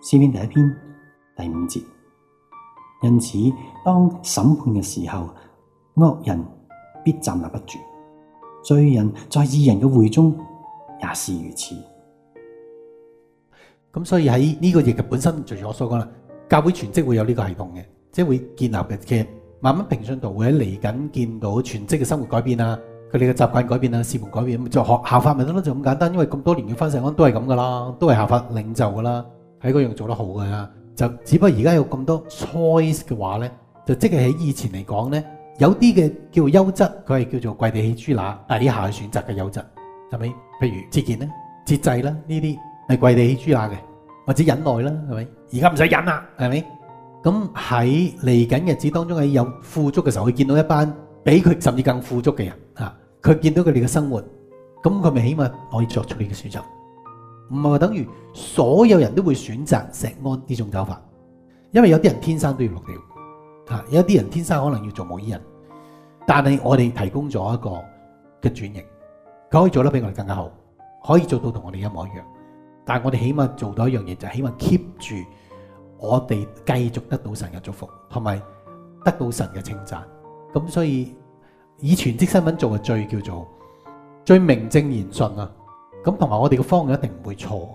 詩篇第一篇第五節，因此當審判嘅時候，惡人必站立不住；罪人在義人嘅會中也是如此。咁所以喺呢個嘢嘅本身，就如我所講啦，教會全職會有呢個系統嘅，即係會建立嘅嘅慢慢平信徒，會喺嚟緊見到全職嘅生活改變啊，佢哋嘅習慣改變啊，事務改變咁就學效法咪得咯，就咁簡單。因為咁多年嘅翻士安都係咁噶啦，都係效法領袖噶啦。喺嗰樣做得好嘅啦，就只不過而家有咁多 choice 嘅話咧，就即係喺以前嚟講咧，有啲嘅叫做優質，佢係叫做跪地起豬乸底下嘅選擇嘅優質，係咪？譬如節儉啦、節制啦呢啲係跪地起豬乸嘅，或者忍耐啦，係咪？而家唔使忍啦，係咪？咁喺嚟緊日子當中喺有富足嘅時候，佢見到一班比佢甚至更富足嘅人啊，佢見到佢哋嘅生活，咁佢咪起碼可以作出呢個選擇。唔係話等於所有人都會選擇錫安呢種走法，因為有啲人天生都要落掉，有啲人天生可能要做冇依人，但係我哋提供咗一個嘅轉型，佢可以做得比我哋更加好，可以做到同我哋一模一樣，但係我哋起碼做到一樣嘢就起碼 keep 住我哋繼續得到神嘅祝福，同埋得到神嘅稱讚。咁所以以全職身份做嘅最叫做最名正言順啊！咁同埋我哋個方向一定唔會錯，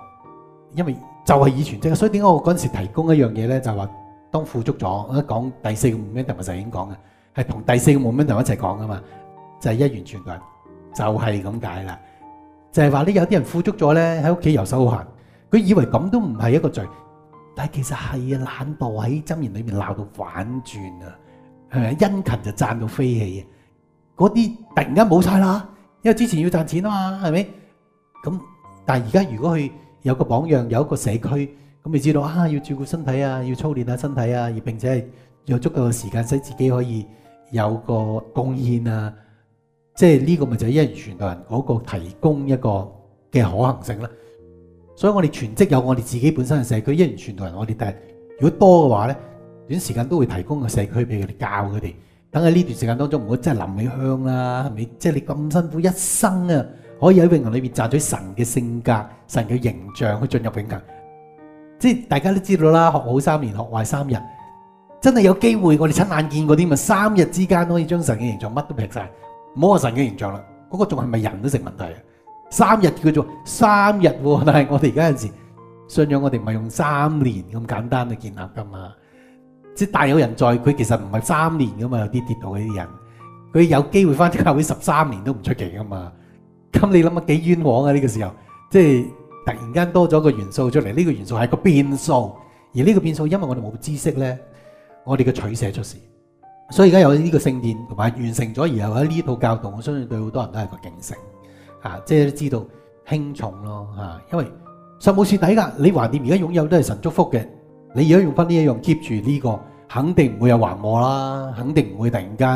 因為就係以全職啊。所以點解我嗰陣時提供一樣嘢呢？就係、是、話當富足咗，我講第四個夢魘同埋就已經講嘅，係同第四個夢魘同我一齊講噶嘛，就係、是、一元全律，就係咁解啦。就係話呢，有啲人富足咗呢，喺屋企遊手好閒，佢以為咁都唔係一個罪，但係其實係啊，懶惰喺箴言裏面鬧到反轉呀，係啊，殷勤就賺到飛起啊，嗰啲突然間冇晒啦，因為之前要賺錢啊嘛，係咪？咁，但係而家如果佢有個榜樣，有一個社區，咁你知道啊，要照顧身體啊，要操練下身體啊，而並且係有足夠嘅時間，使自己可以有個貢獻啊，即係呢個咪就係一人傳道人嗰個提供一個嘅可行性啦。所以我哋全職有我哋自己本身嘅社區，一人傳道人我哋但係，如果多嘅話咧，短時間都會提供個社區俾佢哋教佢哋。等喺呢段時間當中，我真係臨尾香啦，係咪？即係你咁辛苦一生啊！可以喺永恆裏邊賺取神嘅性格，神嘅形象去進入永恆，即係大家都知道啦。學好三年，學壞三日，真係有機會，我哋親眼見過啲咪三日之間可以將神嘅形象乜都劈晒，唔好話神嘅形象啦，嗰個仲係咪人都成問題啊？三日叫做三日啊，但係我哋而家陣時信仰我哋唔係用三年咁簡單去建立噶嘛？即係大有人在，佢其實唔係三年噶嘛，有啲跌倒嗰啲人，佢有機會翻教會十三年都唔出奇噶嘛？咁你諗下幾冤枉啊？呢個時候，即係突然間多咗個元素出嚟，呢、這個元素係個變數，而呢個變數，因為我哋冇知識咧，我哋嘅取捨出事。所以而家有呢個聖殿同埋完成咗，而後喺呢套教導，我相信對好多人都係個警醒，吓、啊，即係知道輕重咯，吓、啊。因為實冇蝕底噶，你橫掂而家擁有都係神祝福嘅，你而家用翻呢一樣 keep 住呢、這個，肯定唔會有橫禍啦，肯定唔會突然間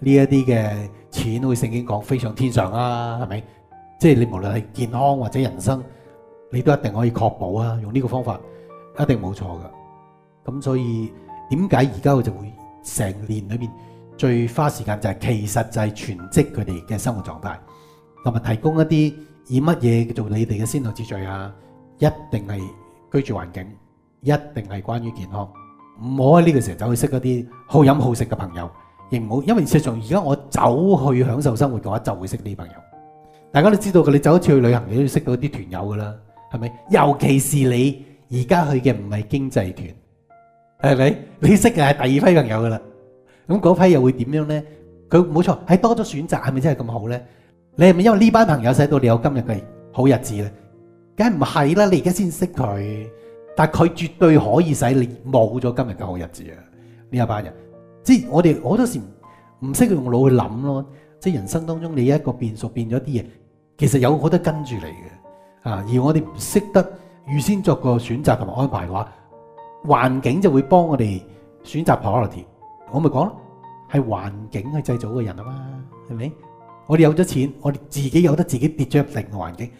呢一啲嘅錢會聖經講飛上天上啦，係咪？即係你無論係健康或者人生，你都一定可以確保啊！用呢個方法一定冇錯噶。咁所以點解而家我就會成年裏面最花時間就係、是，其實就係全職佢哋嘅生活狀態，同埋提供一啲以乜嘢叫做你哋嘅先後之序啊！一定係居住環境，一定係關於健康。唔好喺呢個時候走去識一啲好飲好食嘅朋友，亦唔好因為事實上而家我走去享受生活嘅話，就會識呢啲朋友。大家都知道嘅，你走一次去旅行，你都識到啲團友噶啦，係咪？尤其是你而家去嘅唔係經濟團，係咪？你識嘅係第二批朋友噶啦。咁嗰批又會點樣咧？佢冇錯係多咗選擇，係咪真係咁好咧？你係咪因為呢班朋友使到你有今日嘅好日子咧？梗係唔係啦，你而家先識佢，但係佢絕對可以使你冇咗今日嘅好日子啊！呢一班人，即係我哋好多時唔識用腦去諗咯。即係人生當中你一個變數變咗啲嘢。其實有好多跟住嚟嘅，啊！而我哋唔識得預先作個選擇同埋安排嘅話，環境就會幫我哋選擇 priority。我咪講咯，係環境去製造個人啊嘛，係咪？我哋有咗錢，我哋自己有得自己跌咗入另一個環境。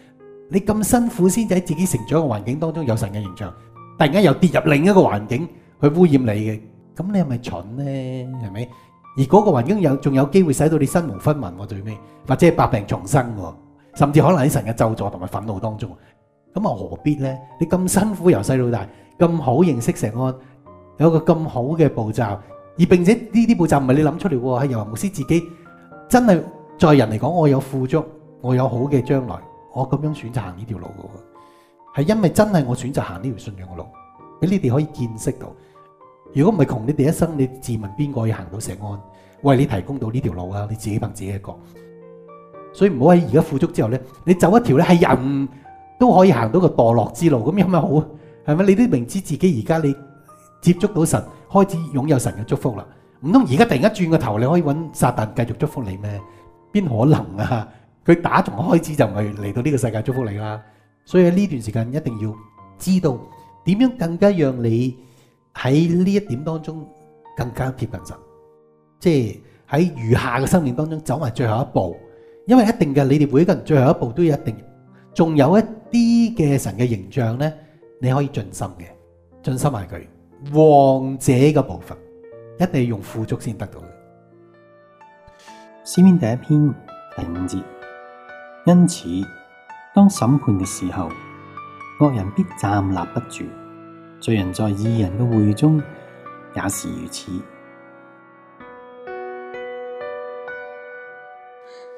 你咁辛苦先至喺自己成長嘅環境當中有神嘅形象，突然間又跌入另一個環境去污染你嘅，咁你係咪蠢咧？係咪？而嗰個環境有仲有機會使到你身無分文喎，最尾或者百病重生喎。甚至可能喺神嘅咒詛同埋憤怒當中，咁啊何必呢？你咁辛苦由細到大，咁好認識成安，有個咁好嘅步驟，而並且呢啲步驟唔係你諗出嚟喎，係由牧師自己真係在人嚟講，我有富足，我有好嘅將來，我咁樣選擇行呢條路嘅係因為真係我選擇行呢條信仰嘅路，俾你哋可以見識到。如果唔係窮，你哋一生你自問邊個要行到成安，為你提供到呢條路啊！你自己憑自己嘅覺。所以唔好喺而家富足之後呢，你走一條咧係人都可以行到個墮落之路，咁有咩好啊？係咪你都明知自己而家你接觸到神，開始擁有神嘅祝福啦？唔通而家突然間轉個頭，你可以揾撒旦繼續祝福你咩？邊可能啊？佢打從開始就唔係嚟到呢個世界祝福你啦。所以喺呢段時間一定要知道點樣更加讓你喺呢一點當中更加貼近神，即係喺餘下嘅生命當中走埋最後一步。因為一定嘅，你哋每一個人最後一步都有一定，仲有一啲嘅神嘅形象呢，你可以盡心嘅，盡心埋佢。王者嘅部分，一定要用富足先得到嘅。詩篇第一篇第五節，因此當審判嘅時候，惡人必站立不住，罪人在義人嘅會中也是如此。